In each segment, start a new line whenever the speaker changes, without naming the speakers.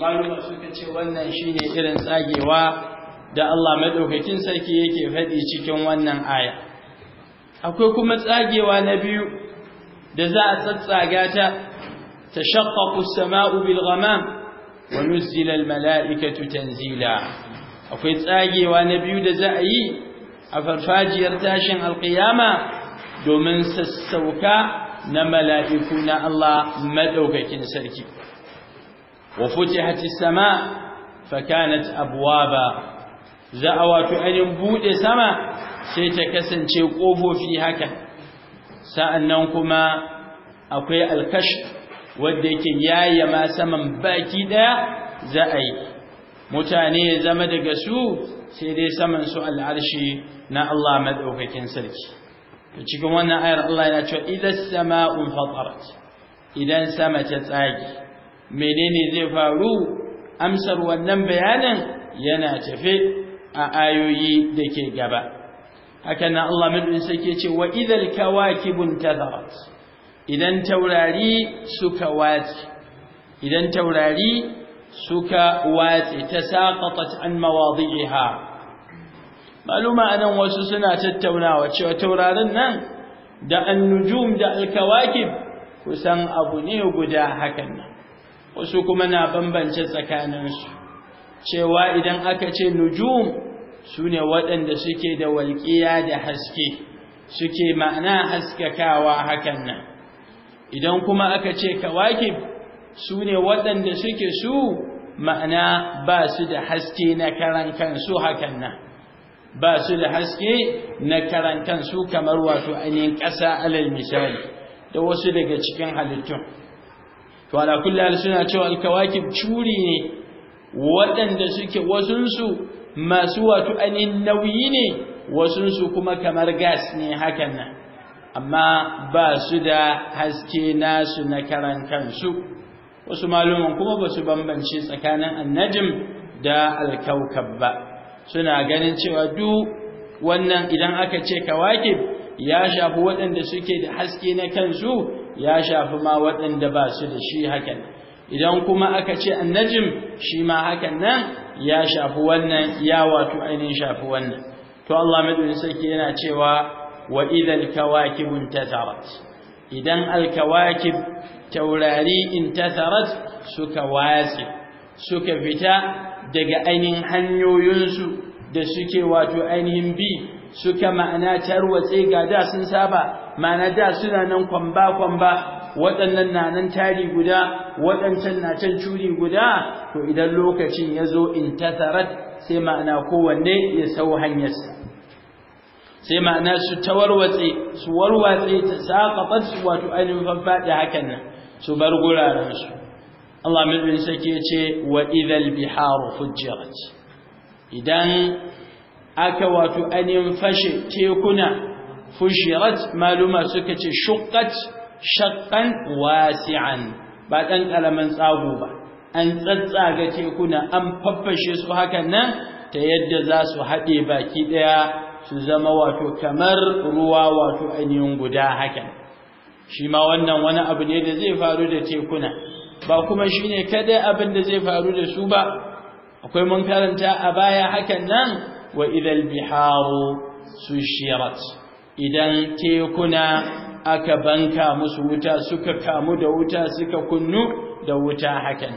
maluma suka ce wannan shine irin tsagewa da Allah madaukakin sarki yake faɗi cikin wannan aya akwai kuma tsagewa na biyu da za a tsatsaga ta tashaqqaqu as-sama'u bil ghamam wa nuzila al mala'ikatu tanzila akwai tsagewa na biyu da za a yi a farfajiyar tashin alqiyama domin sassauka na mala'iku na Allah madaukakin sarki وفتحت السماء فكانت أبوابا زعوات أن بود سما سيتكسن شيقوف في هكا سأنكما أقوي الكشف ودك ياي ما سمن باكي دا زعي mutane ya zama daga su sai dai saman su al'arshi na Allah maɗaukakin sarki cikin wannan ayar Allah yana cewa idan sama'un idan sama ta tsage menene zai faru amsar wannan bayanin yana tafe a ayoyi da ke gaba haka na Allah mulkin ke ce wa idhal kawakibun tadharat idan taurari suka watse idan taurari suka watsi tasaqatat an mawadhiha maluma anan wasu suna tattaunawa cewa taurarin nan da an nujum da alkawakib kusan abu ne guda hakan wasu kuma na bambance tsakaninsu cewa idan aka ce nujum su ne waɗanda suke da walƙiya da haske suke ma'ana haskakawa hakan nan idan kuma aka ce kawakib su ne waɗanda suke su ma'ana ba su da haske na karan su hakan nan ba su da haske na karan kansu kamar wato ainihin ƙasa alal misali da wasu daga cikin halittun to ala kulli hal suna cewa kawakib curi ne wadanda suke wasunsu masu wato anin nauyi ne wasunsu kuma kamar gas ne hakan nan amma ba su da haske nasu na karan kansu wasu maluman kuma ba su bambance tsakanin annajim da al al-kawkab ba suna ganin cewa duk wannan idan aka ce kawakib ya shafi waɗanda suke da haske na kansu ya shafi ma waɗanda ba su da shi hakan idan kuma aka ce annajim shi ma hakan nan ya shafi wannan ya wato ainihin shafi wannan to Allah madaukakin sarki yana cewa wa idhal kawakib intasarat idan alkawakib taurari intasarat suka watsi suka fita daga ainihin hanyoyinsu da suke wato ainihin bi suka ma'ana tarwatse ga da sun saba ma'ana da suna nan kwamba kwamba waɗannan na nan tari guda waɗancan na can curi guda to idan lokacin ya zo in tasarat sai ma'ana kowanne ya sau hanyarsa sai ma'ana su tawarwatse su warwatse ta saƙaƙar su wato ainihin faffaɗe hakan nan su bar gurarensu Allah bin sake ce wa idal biharu fujjarat idan aka wato ainihin fashe tekuna fushirat maluma suka ce shuqqat shaqqan wasi'an ba ɗan kalaman tsago ba an tsatsaga tekuna an faffashe su hakan nan ta yadda za su haɗe baki ɗaya su zama wato kamar ruwa wato ainihin guda hakan shi ma wannan wani abu ne da zai faru da tekuna ba kuma shine kada abin da zai faru da su ba akwai mun karanta a baya hakan nan wa idal biharu shirat idan tekuna aka banka musu wuta suka kamu da wuta suka kunnu da wuta hakan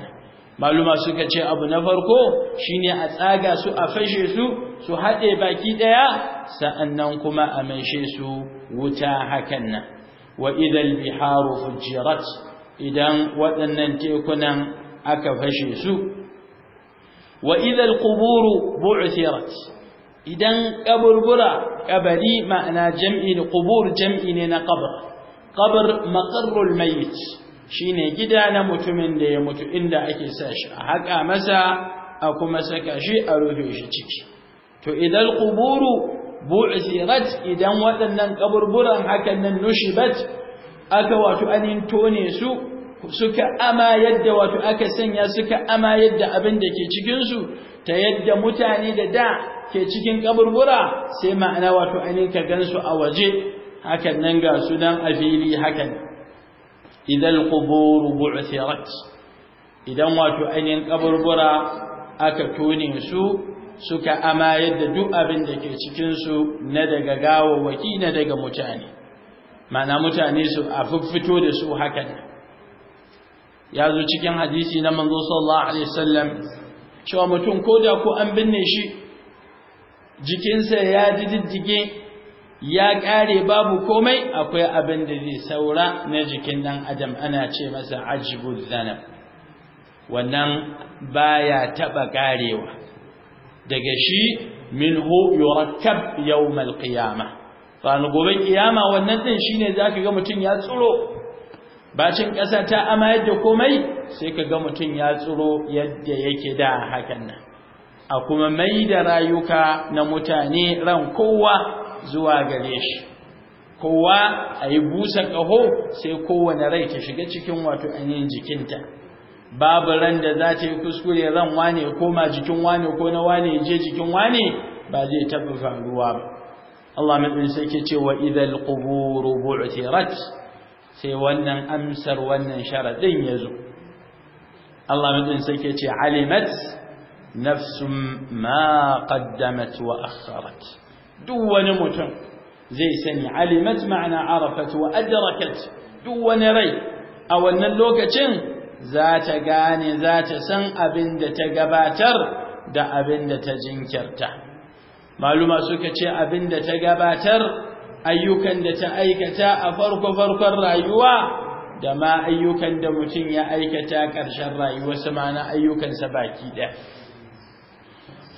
maluma suka ce abu na farko shine a tsaga su a fashe su su haɗe baki ɗaya sa'annan kuma a manshe su wuta hakan nan wa idal biharu fujirat idan waɗannan tekunan aka fashe su wa kuburu quburu bu'thirat idan kaburbura kabari ma'ana jam'i qubur jam'i ne na qabr qabr maqarrul mayyit shine gida na mutumin da ya mutu inda ake sa shi a haƙa masa a kuma saka shi a rufe shi ciki to idan quburu bu'thirat idan waɗannan kaburburan hakan nan nushibat aka wato anin tone su suka ama yadda wato aka sanya suka ama yadda abin da ke cikin su ta yadda mutane da da ke cikin kaburbura sai ma'ana wato ainihin ka gansu a waje hakan nan ga su dan a fili hakan idan qubur bu'thirat idan wato ainihin kaburbura aka tone su suka ama yadda duk abin da ke cikin su na daga waki na daga mutane ma'ana mutane su a fito da su hakan ya zo cikin hadisi na manzo sallallahu alaihi wasallam cewa mutum ko da ko an binne shi jikinsa ya diddige ya ƙare babu komai akwai abin da zai saura na jikin ɗan adam ana ce masa ajibu zanab wannan baya taɓa ƙarewa daga shi minhu yurakkab yawmal fa an gobe kiyama wannan din shine zaka ga mutum ya tsuro bacin ƙasa ta amayar da komai sai ka ga mutum ya tsoro yadda yake da hakan nan a kuma mai da rayuka na mutane ran kowa zuwa gare shi kowa a yi busa ƙaho sai kowane rai ta shiga cikin wato ainihin jikinta babu ran da za ta yi kuskure ran wane koma jikin wane ko na wane je jikin wane ba zai taɓa faruwa ba Allah mai idan ke cewa idal quburu bu'tirat sai wannan amsar wannan sharadin ya zo Allah mutum sai ke ce alimat nafsum ma qaddamat wa akharat duk wani mutum zai sani alimat ma'ana arafat wa adrakat duk wani rai a wannan lokacin za ta gane za ta san abin da ta gabatar da abin da ta jinkirta maluma suka ce abin da ta gabatar ayyukan da ta aikata a farko farkon rayuwa da ma ayyukan da mutum ya aikata ƙarshen rayuwa, rayuwarsa ma'ana ayyukansa baki ɗaya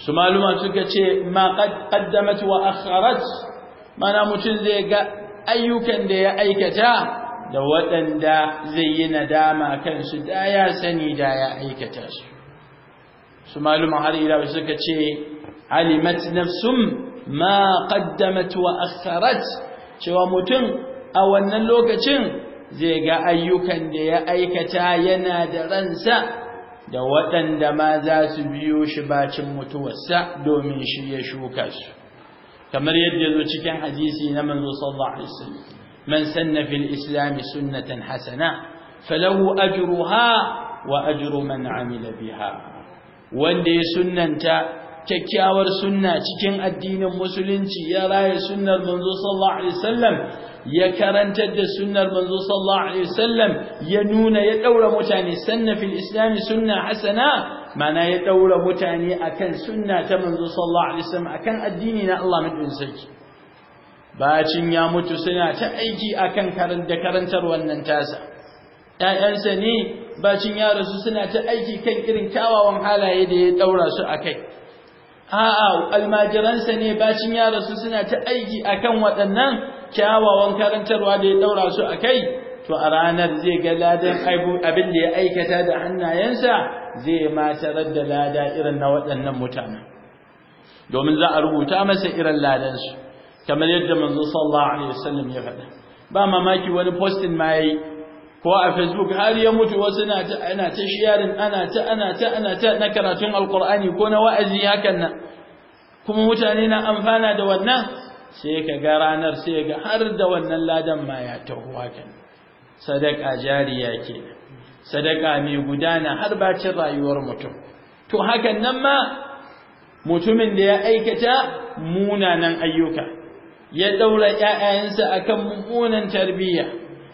su maluma suka ce ma qaddamat wa akharat mana mutum zai ga ayyukan da ya aikata da waɗanda zai yi nadama kansu da ya sani da ya aikata su su maluma har ila suka ce alimat nafsum ma qaddamat wa akharat cewa mutum a wannan lokacin zai ga ayyukan da ya aikata yana da ransa da waɗanda ma za su biyo shi bacin mutuwarsa domin shi ya shuka kamar yadda zo cikin hadisi na manzo sallallahu alaihi wasallam man sanna fil islam sunnatan hasana falahu ajruha wa ajru man amila biha wanda ya sunnanta kyakkyawar sunna cikin addinin musulunci ya raye sunnar manzo sallallahu alaihi wasallam ya karanta da sunnar manzo sallallahu alaihi wasallam ya nuna ya daura mutane sanna fil islam sunna hasana mana ya daura mutane akan sunna ta manzo sallallahu alaihi wasallam akan addini na Allah madin sarki bacin ya mutu suna ta aiki akan karanta karantar wannan tasa ƴaƴansa ne bacin ya rasu suna ta aiki kan irin kyawawan halaye da ya daura su akai a'a almajiransa ne bacin ya rasu suna ta aiki akan waɗannan kyawawan karantarwa da ya daura su a kai. to a ranar zai ga ladan abin da ya aikata da hannayensa zai ma tarar da lada irin na waɗannan mutanen domin za a rubuta masa irin ladansu kamar yadda manzo sallallahu alaihi wasallam ya faɗa ba mamaki wani postin ma yayi ko a facebook har ya mutu wasu na ta ana ta sharing ana ta ana ta ana ta na karatun alqur'ani ko na wa'azi hakan nan kuma mutane na amfana da wannan sai ka ga ranar sai ga har da wannan ladan ma ya taho kan sadaka jariya ke sadaka mai gudana har ba cin rayuwar mutum to hakan nan ma mutumin da ya aikata munanan ayyuka ya daura ƴaƴayensa akan munanan tarbiyya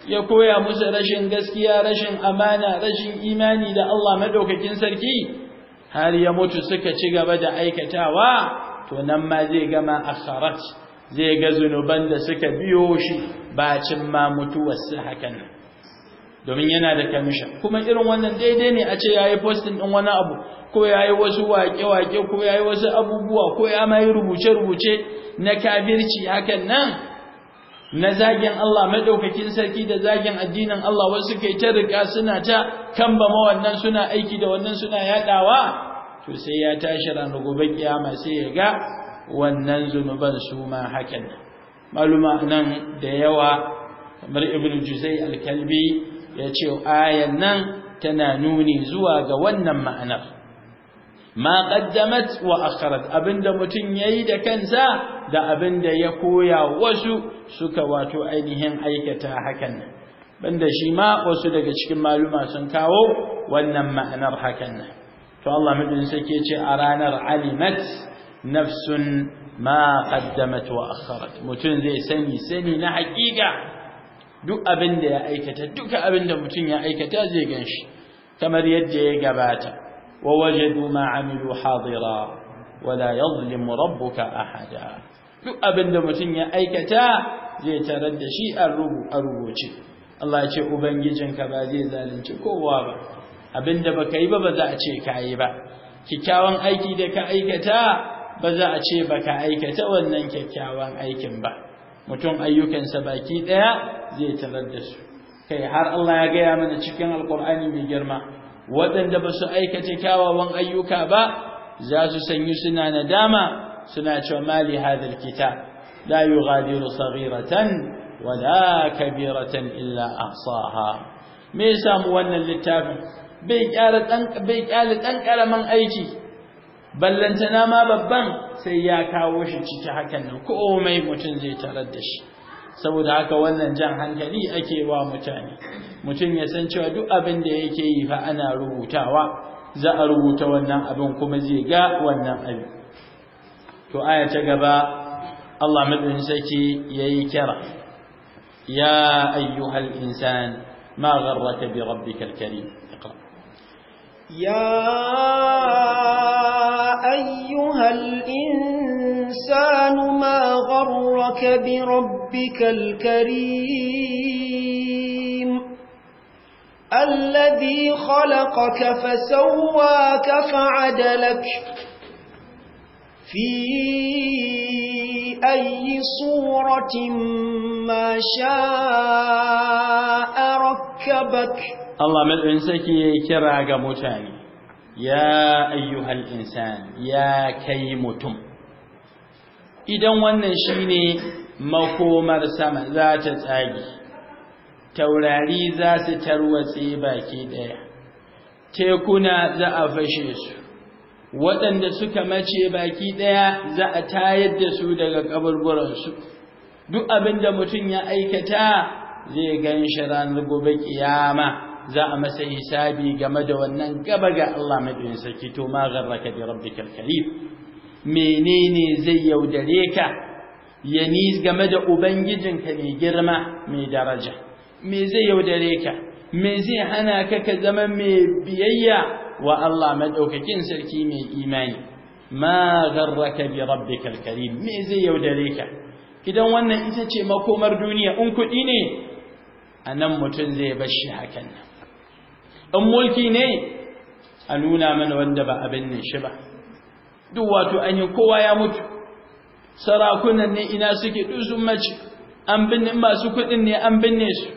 ya koya musu rashin gaskiya rashin amana rashin imani da Allah madaukakin sarki har ya mutu suka ci gaba da aikatawa to nan ma zai gama asarat zai ga zunuban da suka biyo shi bacin ma mutuwarsa hakan nan domin yana da kamishin kuma irin wannan daidai ne a ce yayi posting din wani abu ko yayi wasu wake-wake ko yayi wasu abubuwa ko ya ma yi rubuce-rubuce na kafirci hakan nan na zagin Allah madaukakin sarki da zagin addinin Allah wasu kai ta riga suna ta kamba ma wannan suna aiki da wannan suna yadawa to sai ya tashi ranar gobe kiyama sai ya ga wannan zunuban su ma hakan maluma nan da yawa kamar ibn juzai al-kalbi ya ce ayan nan tana nuni zuwa ga wannan ma'anar ma qaddamat wa akharat abinda mutun yayi da kansa da abinda ya koya wasu suka wato ainihin aikata hakan banda shi ma wasu daga cikin maluma sun kawo wannan ma'anar hakan nan to Allah madin ke ce a ranar alimat nafsun ma qaddamat wa akharat mutun zai sani sani na hakika duk abin da ya aikata duk abin da mutun ya aikata zai ganshi kamar yadda ya gabata wa wajadu ma amilu hadira wala yadhlimu rabbuka ahada duk abin da mutun ya aikata zai tarar da shi a rubuce Allah ya ce ubangijinka ba zai zalunci kowa ba abinda baka yi ba ba za a ce ka yi ba kikkiawan aiki da ka aikata ba za a ce baka aikata wannan kikkiawan aikin ba mutum ayyukansa baki daya zai tarar da su kai har Allah ya gaya mana cikin alkur'ani mai girma waɗanda ba su aikata kyawawan ayyuka ba za su sanyi suna nadama suna cewa mali hadal kitab la yughadiru saghiratan wala kabiratan illa ahsaha me yasa mu wannan littafin bai kyara dan bai kyale dan karaman aiki ballantana ma babban sai ya kawo shi ciki hakan nan komai mutum zai tarar da shi saboda haka wannan jan hankali ake wa mutane mutum ya san cewa duk abin da yake yi fa ana rubutawa za a rubuta wannan abin kuma zai ga wannan abin to aya ta gaba Allah madin saki yayi kira ya ayyuhal insan ma gharraka bi rabbikal karim iqra يا أيها الإنسان ما غرك بربك الكريم الذي خلقك فسواك فعدلك في أي صورة ما
شاء ركبك
Allah madaukakin ke ya kira ga mutane ya ayyuhal insan ya kai mutum idan wannan shi ne makomar sama za ta tsage taurari za su tarwatse baki ɗaya, tekuna za a fashe su waɗanda suka mace baki ɗaya za a tayar da su daga kaburburansu duk abin da mutum ya aikata zai gan shi ranar gobe za a masa hisabi game da wannan gaba ga Allah madin sarki to ma garraka bi rabbikal karim menene zai yaudare ka ya game da ka mai girma mai daraja me zai yaudare ka me zai hana ka ka zama mai biyayya wa Allah madaukakin sarki mai imani ma garraka bi rabbikal karim me zai yaudare ka idan wannan ita ce makomar duniya in kuɗi ne a nan mutum zai bashi hakan nan Ɗan mulki ne a nuna mana wanda ba abin nan shi ba duk wato an yi kowa ya mutu sarakunan ne ina suke dusun mace an binne masu kuɗin ne an binne su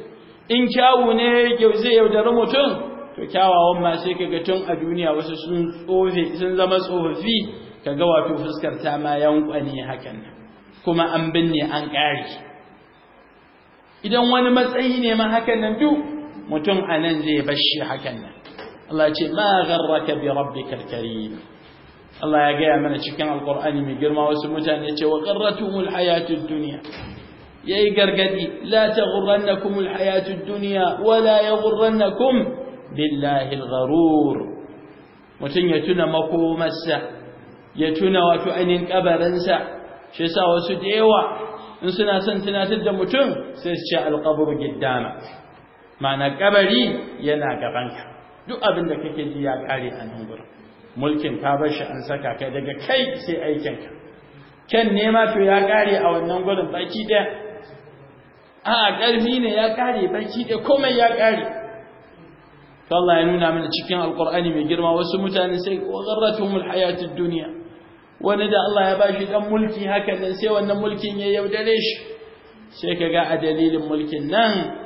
in kyawu ne zai yaudari mutum to kyawawan ma sai kaga tun a duniya wasu sun tsofe sun zama tsofaffi kaga wato fuskar ta ma yankwane hakan nan. kuma an binne an ƙare idan wani matsayi ne ma hakan nan duk mutum a nan zai bashi hakan nan Allah ce ma gharraka bi rabbikal karim Allah ya gaya mana cikin alqur'ani mai girma wasu mutane ce wa qarratumul hayatud dunya yayi gargadi la taghurrannakumul hayatud dunya wa la yaghurrannakum billahi algharur mutum ya tuna makomarsa ya tuna wato ainin kabarinsa shi yasa wasu da yawa in suna son tunatar da mutum sai su ce alqabru giddama ma'ana kabari yana gabanka duk abin da kake ji ya kare a nan gurin mulkin ka bar shi an saka kai daga kai sai aikinka Ken nema to ya kare a wannan gurin baki daya a ƙarfi ne ya kare baki daya komai ya kare to Allah ya nuna mana cikin alqur'ani mai girma wasu mutane sai gharratuhum alhayatud dunya wani da Allah ya bashi dan mulki haka nan sai wannan mulkin ya yaudare shi sai kaga a dalilin mulkin nan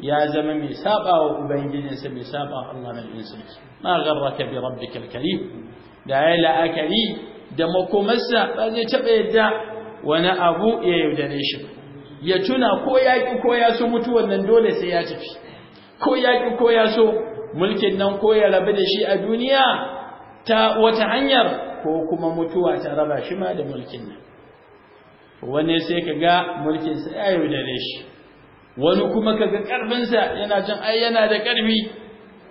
ya zama mai saba wa ubangijinsa mai saba Allah mai yin ma gharraka bi rabbikal karim da ya la'akari da makomarsa ba zai taba yadda wani abu ya yaudare shi ya tuna ko ya ki ko ya so mutuwan nan dole sai ya tafi ko ya ki ko ya so mulkin nan ko ya rabu da shi a duniya ta wata hanyar ko kuma mutuwa ta raba shi ma da mulkin nan wani sai ka ga mulkinsa ya yaudare shi wani kuma kaga karfinsa yana jin ai yana da karfi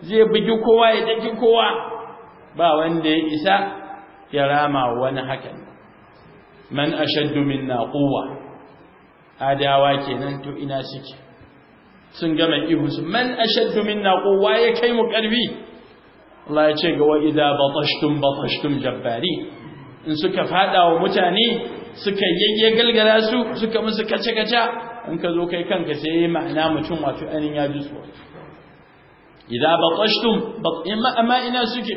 zai bugi kowa ya daki kowa ba wanda ya isa ya rama wani hakan man ashaddu minna quwwa adawa kenan to ina suke sun gama ihu su man ashaddu minna quwwa ya kai mu karfi Allah ya ce ga waiza idza batashtum batashtum jabbari in suka fada wa mutane suka yayye galgala su suka musu kace kace in ka zo kai kanka sai ma'ana mutum wato anin ya ji tsoro idza batashtum bat'ima amma ina suke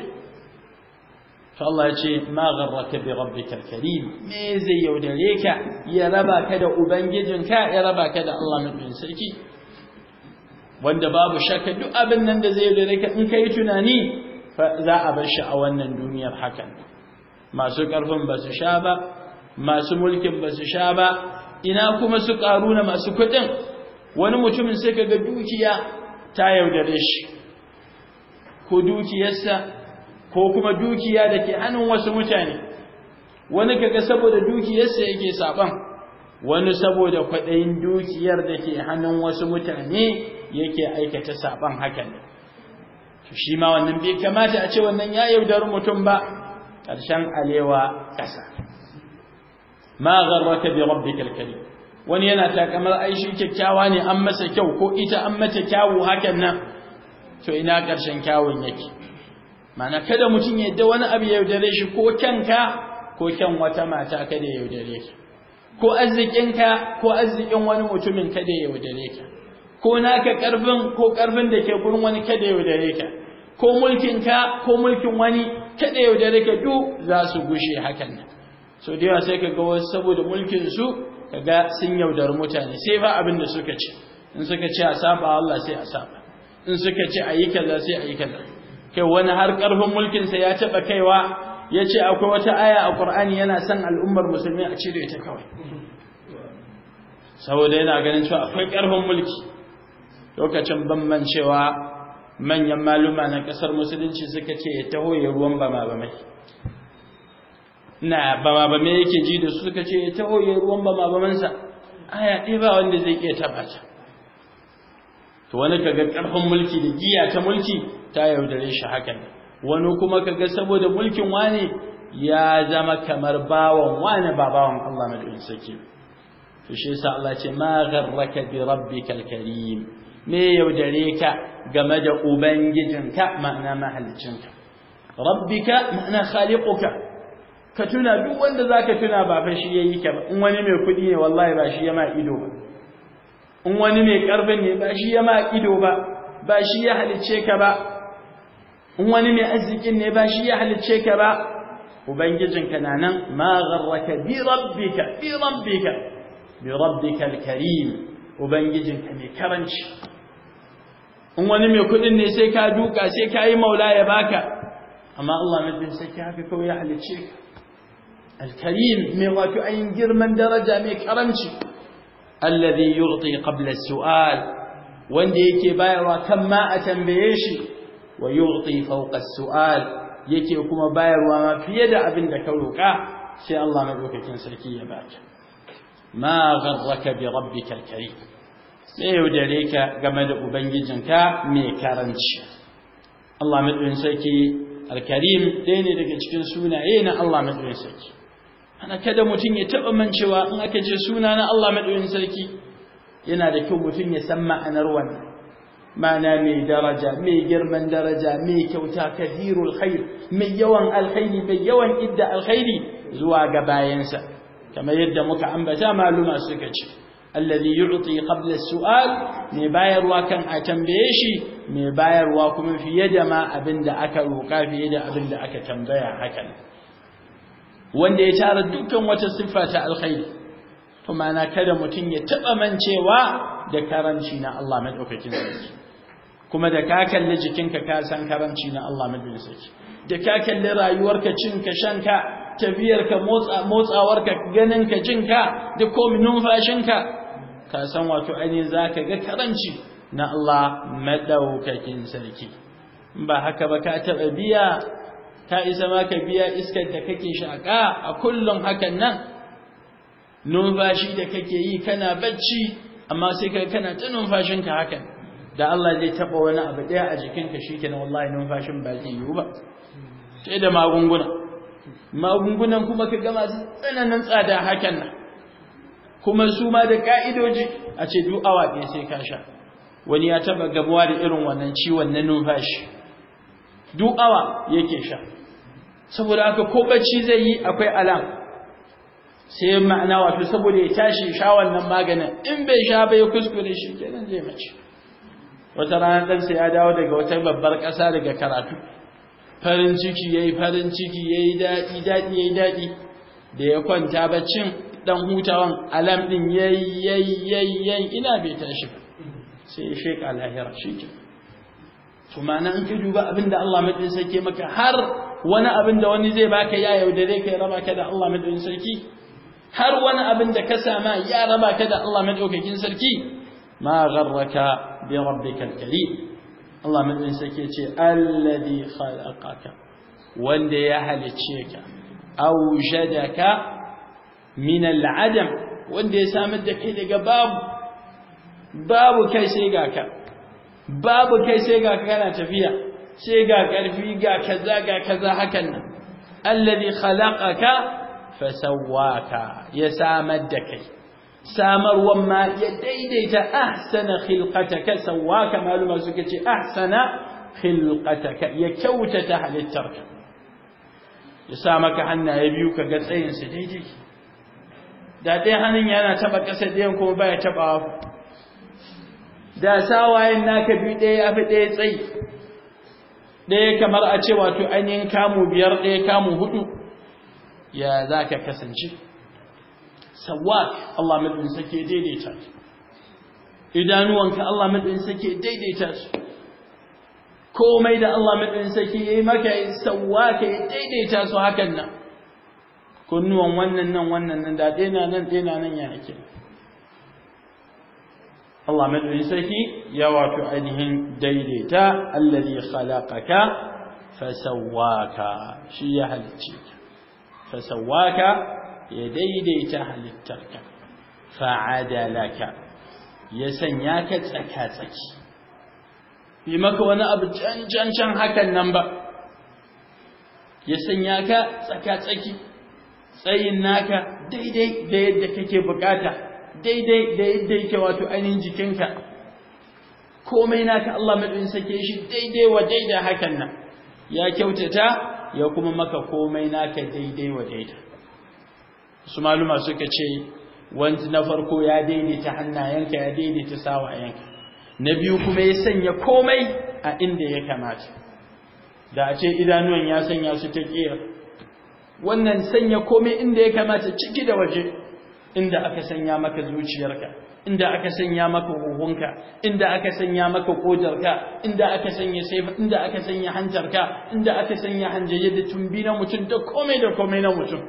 to Allah ya ce ma gharraka bi rabbika karim me zai yaudare ka ya raba ka da ka ya raba ka da Allah mutum sarki wanda babu shakka duk abin nan da zai yaudare ka in kai tunani fa za a bar shi a wannan duniyar hakan masu karfin ba su sha ba masu mulkin ba su sha ba ina kuma su na masu kuɗin wani mutumin sai kaga dukiya ta yaudare shi ko dukiyarsa ko kuma dukiya da ke hannun wasu mutane wani kaga saboda dukiyarsa yake saban wani saboda kwaɗayin dukiyar da ke hannun wasu mutane yake aikata saban hakan shi ma wannan bai kamata a ce wannan ya yaudari mutum ba ƙarshen alewa ƙasa ma gharraka bi rabbikal karim wani yana takamar ai shi kyakkyawa ne an masa kyau ko ita an mata kyawu hakan nan to ina karshen kyawun yake mana kada mutum ya yadda wani abu ya yaudare shi ko kyanka ko kyan wata mata kada ya yaudare ka ko arzikinka ko arzikin wani mutumin kada ya yaudare ka ko naka karfin ko karfin da ke gurin wani kada ya yaudare ka ko mulkinka ko mulkin wani kada ya yaudare ka duk za su gushe hakan nan so da yawa sai ka ga wasu saboda mulkin su kaga sun yaudar mutane sai ba abin da suka ce in suka ce a saba Allah sai a saba in suka ce ayi kaza sai ayi kaza kai wani har karfin mulkin sa ya taba kaiwa yace akwai wata aya a Qur'ani yana son al'ummar musulmi a cire ta kawai saboda yana ganin cewa akwai karfin mulki lokacin ban cewa manyan maluma na kasar musulunci suka ce ya taho ya ruwan ba bamai na bama ba me yake ji da su suka ce ya taho ya ruwan bama bamansa aya ɗaya ba wanda zai iya tabbata. ta to wani kaga ƙarfin mulki da giya ta mulki ta yaudare shi hakan wani kuma kaga saboda mulkin wani ya zama kamar bawan wani ba bawan Allah madaukakin sarki to shi yasa Allah ce ma gharraka bi rabbikal karim me yaudare ka game da ubangijinka ma'ana mahaliccinka rabbika ma'ana khaliquka ka tuna duk wanda za ka tuna ba fa shi yayi ka ba in wani mai kuɗi ne wallahi ba shi ya ma ido ba in wani mai ƙarfin ne ba shi ya ma ido ba ba shi ya halice ka ba in wani mai arzikin ne ba shi ya halice ka ba ubangijinka na nan ma gharraka bi rabbika bi rabbika bi rabbika al-karim ubangijinka mai karanci in wani mai kudin ne sai ka duka sai ka yi maula ya baka amma Allah mai sai ka haka kawai ya halice ka alkarim mai wato ayin girman daraja mai karamci alladhi yu'ti qabla as-su'al wanda yake bayarwa kan ma a tambaye shi wa yu'ti fawqa as-su'al yake kuma bayarwa fiye da abin da ka roka sai Allah madaukakin sarki ya baka ma gharraka bi rabbika al-karim sai yaudare ka game da ubangijin ka mai karanci Allah madaukakin sarki al-karim ɗaya ne daga cikin sunaye na Allah madaukakin sarki ana kada mutum ya taɓa mancewa in aka ce suna na Allah madaukakin sarki yana da kyau mutum ya san ma'anar wannan ma'ana mai daraja mai girman daraja mai kyauta kathirul khair mai yawan alkhairi mai yawan idda alkhairi zuwa ga bayansa kamar yadda muka ambata maluma suka ce alladhi yu'ti qabla as-su'al mai bayarwa kan a tambaye shi mai bayarwa kuma fiye da ma abinda aka roka fiye da abinda aka tambaya hakan wanda ya tara dukkan wata siffa ta alkhairi to ma'ana kada mutum ya taba mancewa da karanci na Allah madaukakin sarki kuma da ka kalli jikinka ka san karanci na Allah madaukakin sarki da ka kalli rayuwarka cinka shanka tafiyarka motsa motsawarka ganinka jinka da komin numfashinka ka san wato ainihin zaka ga karanci na Allah madaukakin sarki ba haka ba ka taba biya ka isa ma ka biya iskar da kake shaƙa a kullum hakan nan numfashi da kake yi kana bacci amma sai kai kana ta numfashinka hakan da Allah zai taɓa wani abu ɗaya a jikinka shi kenan wallahi numfashin ba zai yiwu ba sai da magunguna magungunan kuma ka gama su tsananin tsada hakan nan kuma su ma da ka'idoji a ce duk awa ɗaya sai ka sha wani ya taɓa gabuwa da irin wannan ciwon na numfashi duk awa yake sha saboda aka ko bacci zai yi akwai alam sai ma'ana wato saboda ya tashi sha wannan maganin in bai sha bai kuskure shi kenan zai mace wata rana dan sai ya dawo daga wata babbar ƙasa daga karatu farin ciki yayi farin ciki yayi dadi dadi yayi dadi da ya kwanta baccin dan hutawan alam din yayi yayi yayi ina bai tashi ba sai ya sheka lahira shi ke Kuma in ka duba abinda Allah madin sake maka har wani abin da wani zai baka ya yaudare ka ya raba ka da Allah madaukakin sarki har wani abin da ka sama ya raba ka da Allah madaukakin sarki ma gharraka bi rabbikal karim Allah madaukakin sarki ce alladhi khalaqaka wanda ya halice ka aujadaka min al'adam wanda ya samar da kai daga babu babu kai sai ga ka babu kai sai ga ka kana tafiya sai ga ƙarfi ga kaza ga kaza hakan nan allazi khalaqaka fasawwaka ya samar da kai samarwan ma ya daidaita ahsana khilqataka sawwaka maluma suka ce ahsana khilqataka ya kyautata halittarka ya sa maka hannaye biyu kaga tsayin su daidai da dai hannun yana taba ƙasa ɗayan kuma baya taba da sawayen naka bi ɗaya afi ɗaya tsayi ɗaya kamar a ce wato ainihin kamu biyar ɗaya kamu hudu ya za ka kasance sawak Allah maɗin sake daidaita idanuwanka Allah maɗin sake daidaita su komai da Allah maɗin sake yi maka ka ya daidaita su hakan nan kunnuwan wannan nan wannan nan da daina nan ɗaya nan ya ake Allah madaukakin sarki ya wato ainihin daidaita allazi khalaqaka fasawwaka shi ya halicce ka fasawwaka ya daidaita halittarka fa'adalaka ya sanya ka tsaka-tsaki bi maka wani abu can hakan nan ba ya sanya ka tsaka-tsaki tsayin naka daidai da yadda kake bukata daidai da yadda yake wato ainihin jikinka komai naka Allah madaukin sake shi daidai wa daidai hakan nan ya kyautata ya kuma maka komai ka daidai wa daidai. su maluma suka ce wanda na farko ya daidaita hannayenka ya daidaita sawayenka na biyu kuma ya sanya komai a inda ya kamata da a ce idanuwan ya sanya su ta wannan sanya komai inda ya kamata ciki da waje inda aka sanya maka zuciyarka inda aka sanya maka huhunka inda aka sanya maka kodarka inda aka sanya saifa inda aka sanya hanjarka inda aka sanya hanjaye da tumbi na mutum da komai da komai na mutum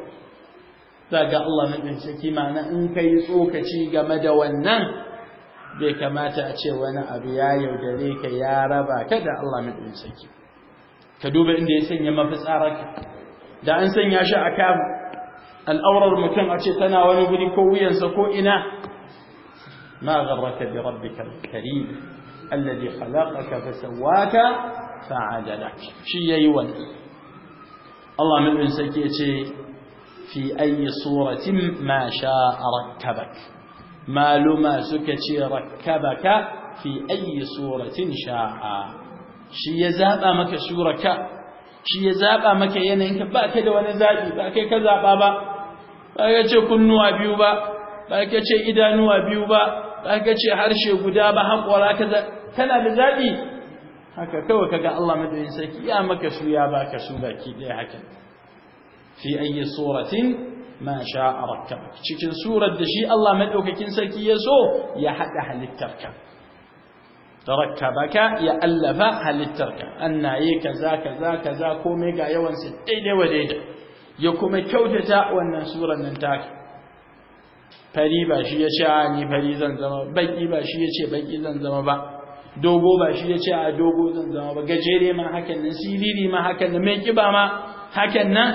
daga Allah na ɗin saki ma'ana in kai tsokaci game da wannan bai kamata a ce wani abu ya yaudare ka ya raba ka da Allah na ɗin saki ka duba inda ya sanya tsararka. da an sanya shi a kamu الأورر مكان أشتنا ونبني كويا سكوئنا ما غرك بربك الكريم الذي خلقك فسواك فعدلك شيء يولي الله من الإنسان في أي صورة ما شاء ركبك ما لما سكتي ركبك في أي صورة شاء شي يزابا أمك سورك شي يزابا أمك ينينك بأكد دوان زادي باك كذا بابا ba ce kunnuwa biyu ba ba ka ce idanuwa biyu ba ba ka ce harshe guda ba haƙora kaza kana da zabi haka kawai kaga Allah madaukakin sarki ya maka su ya baka su baki ɗaya haka fi ayi suratin ma sha rakkabak cikin surar da shi Allah madaukakin sarki ya so ya hada halittarka tarakkabaka ya allafa halittarka annaye kaza kaza kaza komai ga yawan su daidai wa daidai ya kuma kyautata wannan surar nan ta fari ba shi ya ce a ni fari zan zama baki ba shi ya ce baki zan zama ba dogo ba shi ya ce a dogo zan zama ba gajere ma hakan nan siriri ma hakan nan mai kiba ma hakan nan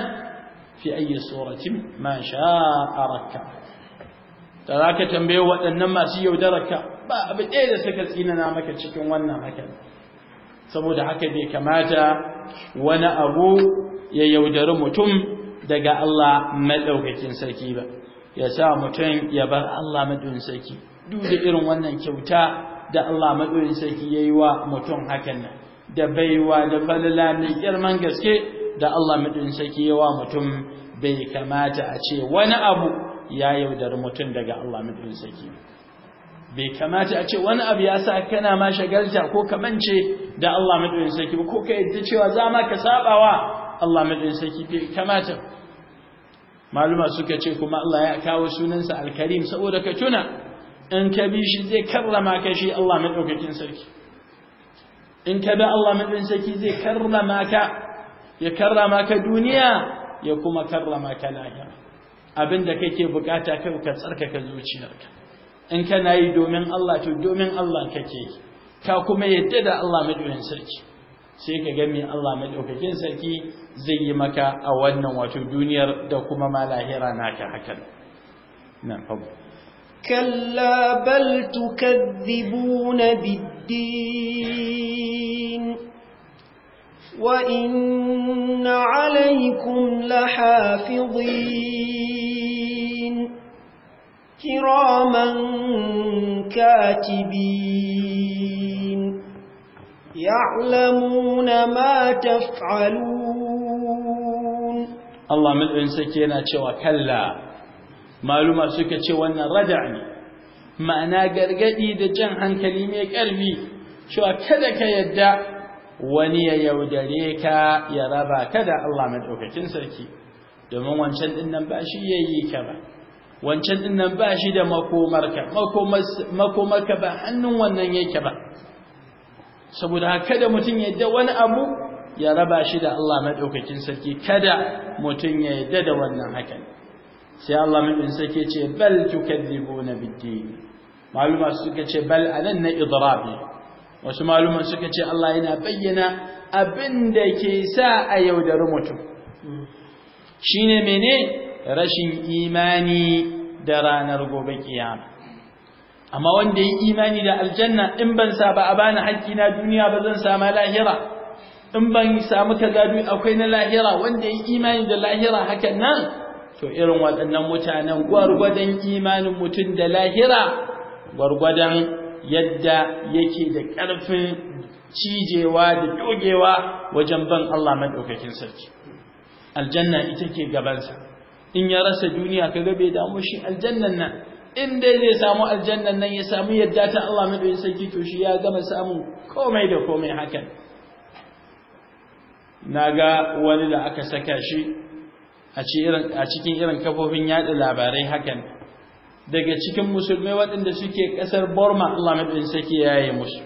fi ayi suratin ma sha'a rakka da za ka tambaye waɗannan masu yaudararka ba abu ɗaya da suka tsinana maka cikin wannan hakan saboda haka bai kamata wani abu ya yaudari mutum daga Allah madaukakin sarki ba ya sa mutum ya bar Allah madaukakin sarki duk da irin wannan kyauta da Allah madaukakin sarki yayi wa mutum hakan nan da baiwa da falala mai girman gaske da Allah madaukakin sarki yayi wa mutum bai kamata a ce wani abu ya yaudar mutum daga Allah madaukakin sarki bai kamata a ce wani abu ya sa kana ma shagalta ko kamance da Allah madaukakin sarki ko ka yadda cewa za ma ka sabawa Allah madaukakin sarki bai kamata maluma suka ce kuma Allah ya kawo sunansa alkarim saboda ka tuna in ka bi shi zai karrama ka shi Allah madaukakin sarki in ka bi Allah madaukakin sarki zai karrama ka ya karrama ka duniya ya kuma karrama ka lahira abinda kake bukata kai ka tsarkaka zuciyarka in kana yi domin Allah to domin Allah kake ka kuma yadda da Allah madaukakin sarki sai ka ga Allah Allah madaukakin sarki zai yi maka a wannan wato duniyar da kuma ma lahira naka hakan nan fa
kalla bal tukadzibuna biddin wa inna alaykum lahafizin
kiraman katibin يعلمون ما تفعلون الله ملعن yana cewa kalla maluma suka ce wannan raja' ne ma'ana gargadi da jan hankali mai karfi cewa kada ka yadda wani ya yaudare ka ya raba ka da Allah madaukakin sarki domin wancan din nan ba shi yayi ka ba wancan din nan ba shi da makomarka makomarka ba hannun wannan yake ba saboda kada mutum ya yadda wani abu ya raba shi da Allah madaukakin sarki kada mutum ya yadda da wannan hakan sai Allah madaukakin sarki ce bal tukadzibuna na maluma suka ce bal anan na idrabi wasu maluman suka ce Allah yana bayyana abin da ke sa a yaudari mutum shine mene rashin imani da ranar gobe kiyama amma wanda ya imani da aljanna in ban sa ba a bani haƙƙi na duniya ba zan sama lahira in ban samu kaza akwai na lahira wanda ya imani da lahira hakan nan to irin waɗannan mutanen gwargwadon imanin mutum da lahira gwargwadon yadda yake da ƙarfin cijewa da dogewa wajen ban Allah madaukakin sarki aljanna ita ke gabansa in ya rasa duniya kaga bai damu shi aljannan nan in dai zai samu aljannan nan ya samu yadda ta Allah mai sarki to shi ya gama samu komai da komai hakan naga wani da aka saka shi a cikin irin kafofin yada labarai hakan daga cikin musulmai waɗanda suke ƙasar Burma Allah mai sarki ya yi musu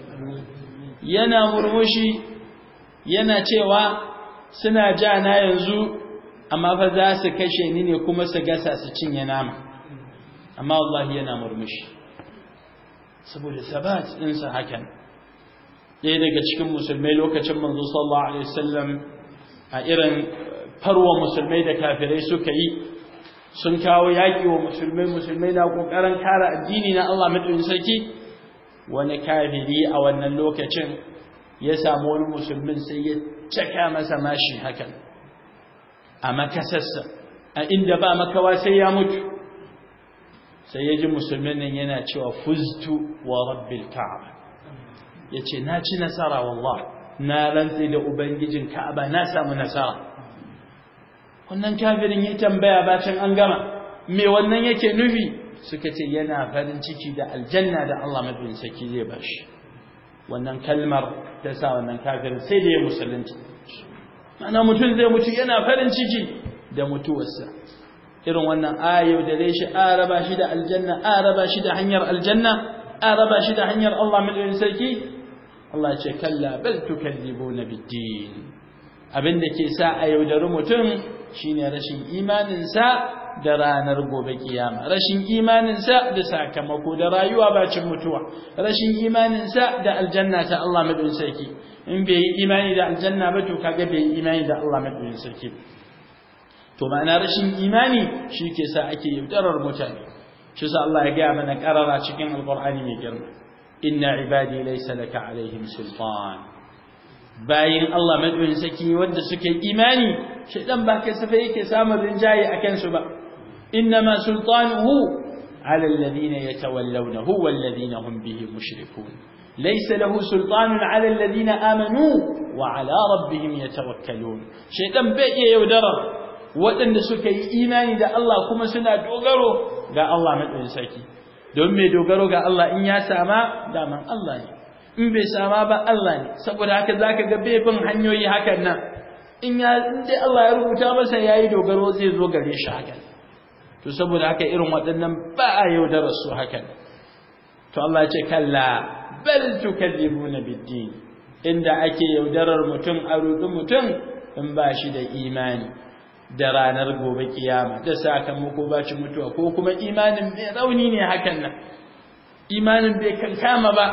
yana murmushi yana cewa suna ja na yanzu amma fa za su kashe ni ne kuma su gasa su cinye nama amma allah yana murmushi saboda sabat ɗinsa hakan ɗaya daga cikin musulmai lokacin manzo sallallahu alaihi wasallam a irin eh, farwa musulmai da kafirai suka yi sun kawo yaƙi wa musulmai musulmai na ƙoƙarin kare addini na Allah madaukakin sarki wani kafiri a wannan lokacin ya samu wani musulmin sai ya caka masa mashi hakan a makasarsa a inda ba makawa sai ya mutu sai ya ji musulmin nan yana cewa fuztu wa rabbil ka'aba yace na ci nasara wallah na rantsi da ubangijin ka'aba na samu nasara wannan kafirin ya tambaya bacin an gama me wannan yake nufi suka ce yana farin ciki da aljanna da Allah madin saki zai bashi wannan kalmar ta sa wannan kafirin sai da ya musulunci ana mutum zai mutu yana farin ciki da mutuwarsa irin wannan ayyau da shi raba shi da aljanna raba shi da hanyar aljanna raba shi da hanyar Allah mai sarki Allah ce kalla bal tukallibuna bid abin da ke sa a yaudari mutum shine rashin imaninsa da ranar gobe kiyama rashin imaninsa da sakamako da rayuwa bacin mutuwa rashin imaninsa da aljanna ta Allah madaukakin sarki in bai yi imani da aljanna ba to kaga bai yi imani da Allah madaukakin sarki to ma'ana rashin imani shi ke sa ake yaudarar mutane shi sa Allah ya gaya mana karara cikin alqur'ani mai girma inna ibadi laysa laka alaihim sultan bayin Allah madawin saki wanda suke imani shedan ba kai safa yake samun rinjaye akan su ba innama sultanuhu ala alladhina yatawallawnahu walladhina hum bihi mushrikun laysa lahu sultanun ala alladhina amanu wa ala rabbihim yatawakkalun shedan bai iya yaudara waɗanda suka yi imani da Allah kuma suna dogaro ga Allah madaukakin saki. don mai dogaro ga Allah in ya sama daman Allah ne in bai sama ba Allah ne saboda haka zaka ga bai bin hanyoyi hakan nan in ya dai Allah ya rubuta masa yayi dogaro zai zo gare shi hakan to saboda haka irin waɗannan ba a da rasu hakan to Allah ce kalla bal tukallibuna bid inda ake yaudarar mutum a roƙi mutum in ba shi da imani da ranar gobe kiyama da sakamako bacin mutuwa ko kuma imanin bai rauni ne hakan nan imanin bai kankama ba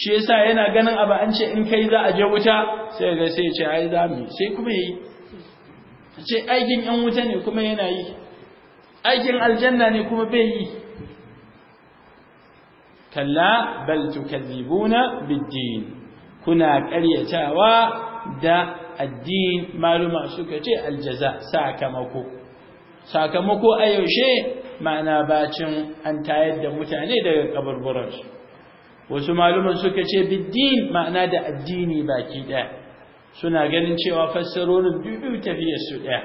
shi yasa yana ganin abu an ce in kai za a je wuta sai ga sai ce ai za mu sai kuma yi ce aikin yan wuta ne kuma yana yi aikin aljanna ne kuma bai yi kalla bal tukadhibuna bid-din kuna ƙaryatawa da Addini maluma suka ce aljaza sakamako sakamako a yaushe ma'ana bacin an tayar da mutane daga kaburburansu wasu maluman suka ce biddin ma'ana da addini baki ɗaya suna ganin cewa fassarorin biyu tafiyarsu su ɗaya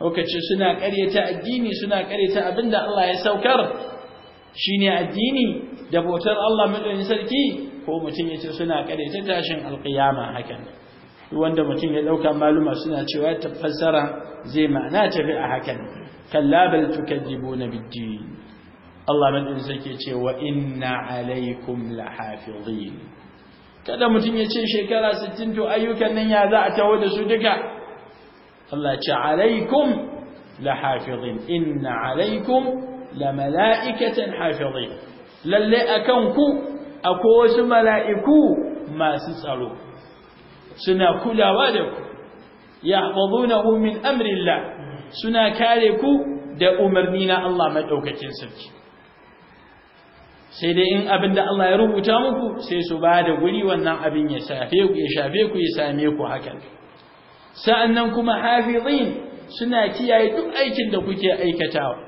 lokaci suna karyata addini suna abin abinda Allah ya saukar shine addini da bautar Allah madaukakin sarki ko mutum ce suna ƙaryata tashin alƙiyama hakan wanda mutum ya dauka maluma suna cewa ta fassara zai ma'ana tafi a hakan kalla bal tukadibuna bid-din Allah madin sake cewa inna alaikum lahafizin kada mutum ya ce shekara 60 to ayyukan nan ya za a tawo da su duka Allah ya ce alaikum lahafizin inna alaikum la mala'ikatan hafizin lalle akan ku akwai wasu mala'iku masu tsaro suna kulawa da ku yahfazunahu min amrillah suna kare ku da umarni na Allah madaukakin sarki sai dai in abin da Allah ya rubuta muku sai su ba da guri wannan abin ya shafe ku ya shafe ku ya same ku hakan sa'annan kuma hafizin suna kiyaye duk aikin da kuke aikatawa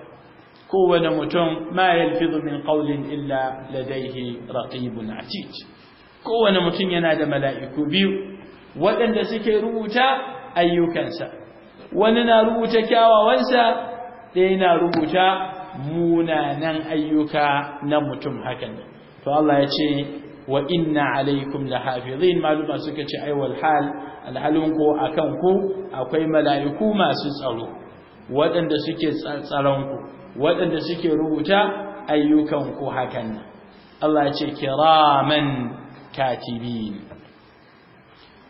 kowane mutum ma yalfizu min qawlin illa ladayhi raqibun atid kowane mutum yana da mala'iku biyu waɗanda suke rubuta ayyukansa wani na rubuta kyawawansa ɗaya na rubuta munanan ayyuka na mutum hakan to Allah ya ce wa inna alaikum lahafizin maluma suka ce aiwal hal alhalun ko akan ku akwai mala'iku masu tsaro waɗanda suke tsaron ku waɗanda suke rubuta ayyukan ku hakan Allah ya ce kiraman katibin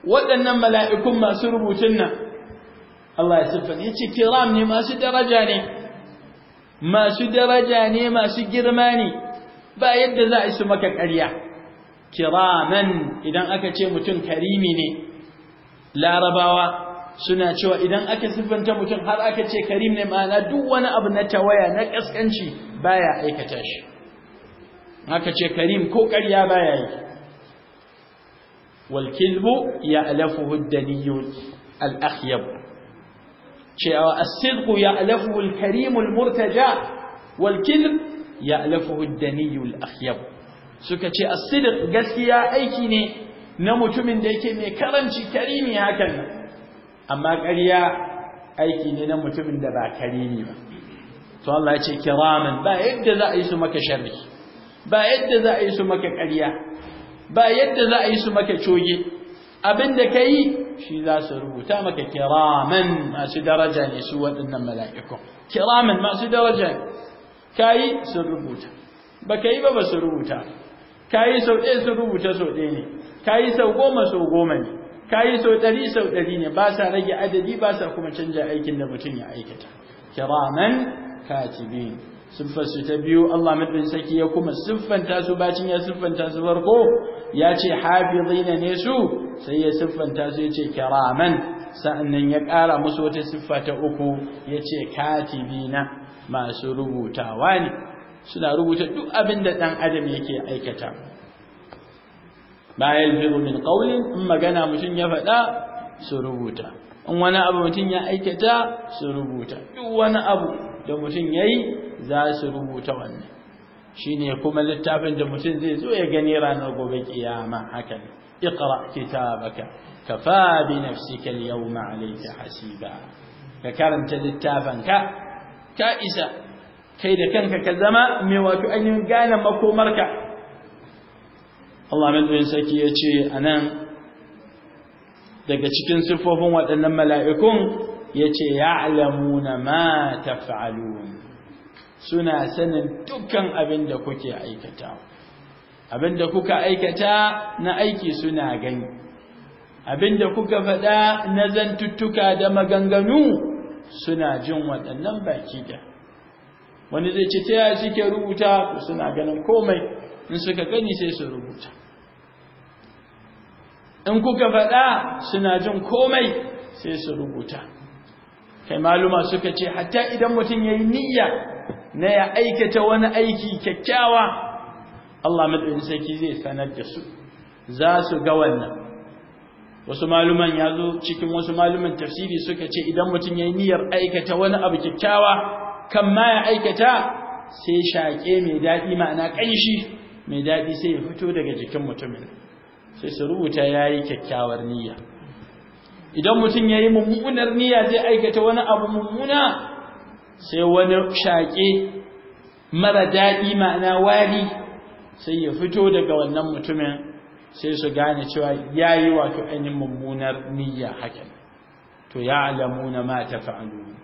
waɗannan mala'ikun masu rubutun nan Allah ya ya yace kiram ne masu daraja ne masu daraja ne masu girma ne ba yadda za a su maka ƙarya kiraman idan aka ce mutum karimi ne larabawa suna cewa idan aka siffanta mutum har aka ce karim ne ma'ana duk wani abu na tawaya na kaskanci baya aikata shi aka ce karim ko ƙarya baya yi والكلب يألفه الدني الأخيب الصدق يألفه الكريم المرتجى والكلب يألفه الدني الأخيب سكة الصدق قلت يا أيكني نموت من ذلك كرم كريمي هكذا أما قال يا أيكني نموت من دبع كريمي فالله يقول كراما بايد ذا إيسو مكة شرك با ذا إيسو مكة كريمي ba yadda za a yi su maka coge abin da ka yi shi za su rubuta maka kiraman masu daraja ne su waɗannan mala'ikun kiraman masu daraja ne ka yi sun rubuta ba ka yi ba ba su rubuta ka yi sau ɗaya sun rubuta sau ɗaya ne ka yi sau goma sau goma ne ka yi sau ɗari sau ɗari ne ba sa rage adadi ba sa kuma canja aikin da mutum ya aikata kiraman katibin siffarsu ta biyu Allah madin saki ya kuma siffanta su bacin ya siffanta su farko ya ce hafizina ne su sai ya siffanta su ya ce kiraman sa'annan ya ƙara musu wata siffa ta uku ya ce katibina masu rubutawa ne suna rubuta duk abin da ɗan adam yake aikata bayan biyu min ƙaunin in magana mutum ya faɗa su rubuta in wani abu mutum ya aikata su rubuta duk wani abu da mutum ya yi za su rubuta wannan shine kuma littafin da mutum zai zo ya gani ranar gobe kiyama haka ne اقرا كتابك كفى بنفسك ka عليك حسيبا ككرمت ka isa. Kai da kanka ka zama mai wato ainihin gane makomarka Allah saki ya yace anan daga cikin siffofin waɗannan mala'ikun yace ya'lamuna ma taf'alun suna sanin dukkan abin da kuke aikata. abin da kuka aikata na aiki suna gani abin da kuka faɗa na zantuttuka da maganganu suna jin waɗannan baki da wani zai ce ta yaya suke rubuta ko suna ganin komai in suka gani sai su rubuta in kuka faɗa suna jin komai sai su rubuta kai maluma suka ce hatta idan mutum ya yi niyya na ya aikata wani aiki kyakkyawa Allah madaukakin sarki zai sanar da su za su ga wannan wasu maluman ya zo cikin wasu maluman tafsiri suka ce idan mutum ya yi niyyar aikata wani abu kyakkyawa kan ma ya aikata sai shaƙe mai daɗi ma'ana ƙanshi mai daɗi sai ya fito daga jikin mutumin sai su rubuta ya yi kyakkyawar niyya idan mutum ya yi mummunar niyya zai aikata wani abu mummuna sai wani shaƙe mara daɗi ma'ana wari sai ya fito daga wannan mutumin sai su gane cewa ya yi wato ainihin mummunar niyya hakan to ya alamu ma ta fa'alu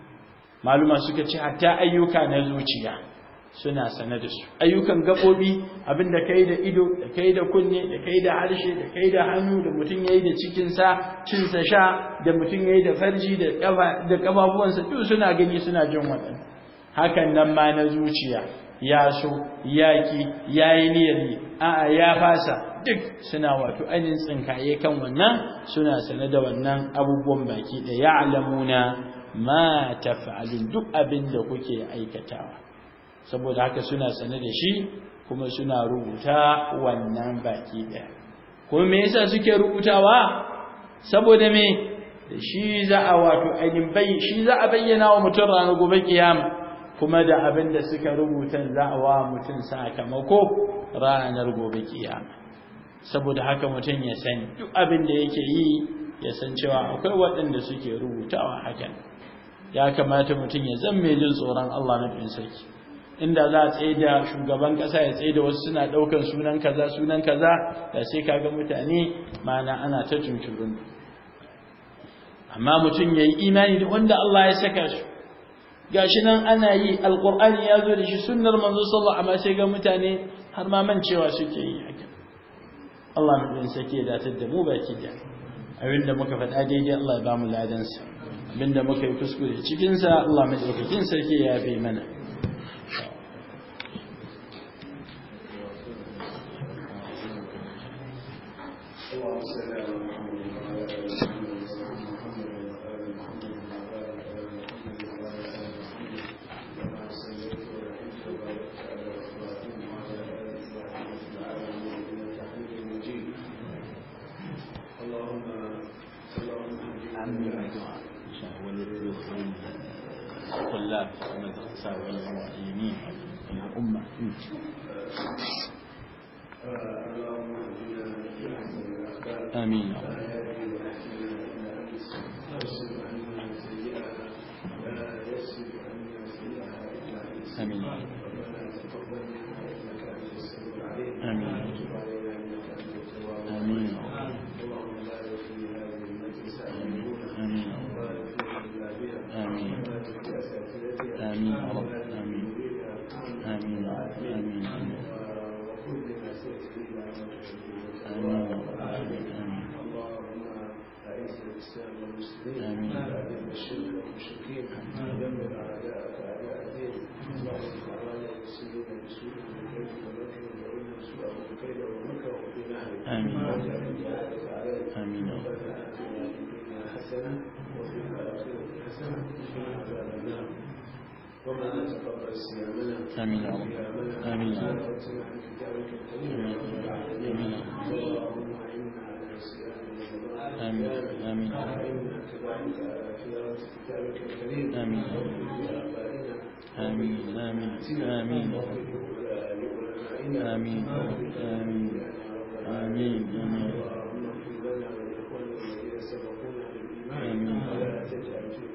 maluma suka ce hatta ayyuka na zuciya suna sane da su ayyukan gabobi abinda kai da ido da kai da kunne da kai da harshe da kai da hannu da mutum yayi da cikin sa cin sa sha da mutum yayi da farji da kafa da kafafuwan sa duk suna gani suna jin wannan hakan nan ma na zuciya ya so yaki yayi niyyar a'a ya fasa duk suna wato ainin tsinkaye kan wannan suna sane da wannan abubuwan baki da ya'lamuna ma taf'alun duk abinda kuke aikatawa saboda haka suna sane da shi kuma suna rubuta wannan baki ɗaya kuma me yasa suke rubutawa saboda me da shi za a wato ainihin bai shi za a bayyana wa mutum ranar gobe kiyama kuma da abin da suka rubuta za a wa mutum sakamako ranar gobe kiyama saboda haka mutum ya sani duk abin da yake yi ya san cewa akwai waɗanda suke rubutawa hakan ya kamata mutum ya zan mai jin tsoron Allah na bin sarki inda za a tsaye da shugaban kasa ya tsaye da wasu suna daukan sunan kaza sunan kaza da sai kaga mutane mana ana ta junjurun amma mutum yayi imani da wanda Allah ya saka shi gashi nan ana yi alqur'ani ya zo da shi sunnar manzo sallallahu amma sai ga mutane har ma mancewa suke yi haka Allah mu din sake da da mu baki da abinda muka faɗa daidai Allah ya ba mu ladansa abinda muka yi kuskure cikin sa Allah mu sarki ya yafe mana
وما نتقبل صيامنا آمين يا رب آمين يا رب آمين اللهم أعنا على صيام آمين آمين امين امين امين تلاوة كتابك امين آمين آمين آمين آمين آمين آمين آمين آمين اللهم اغفر لنا ولإخواننا الذين سبقونا بالإيمان ولا تجعل في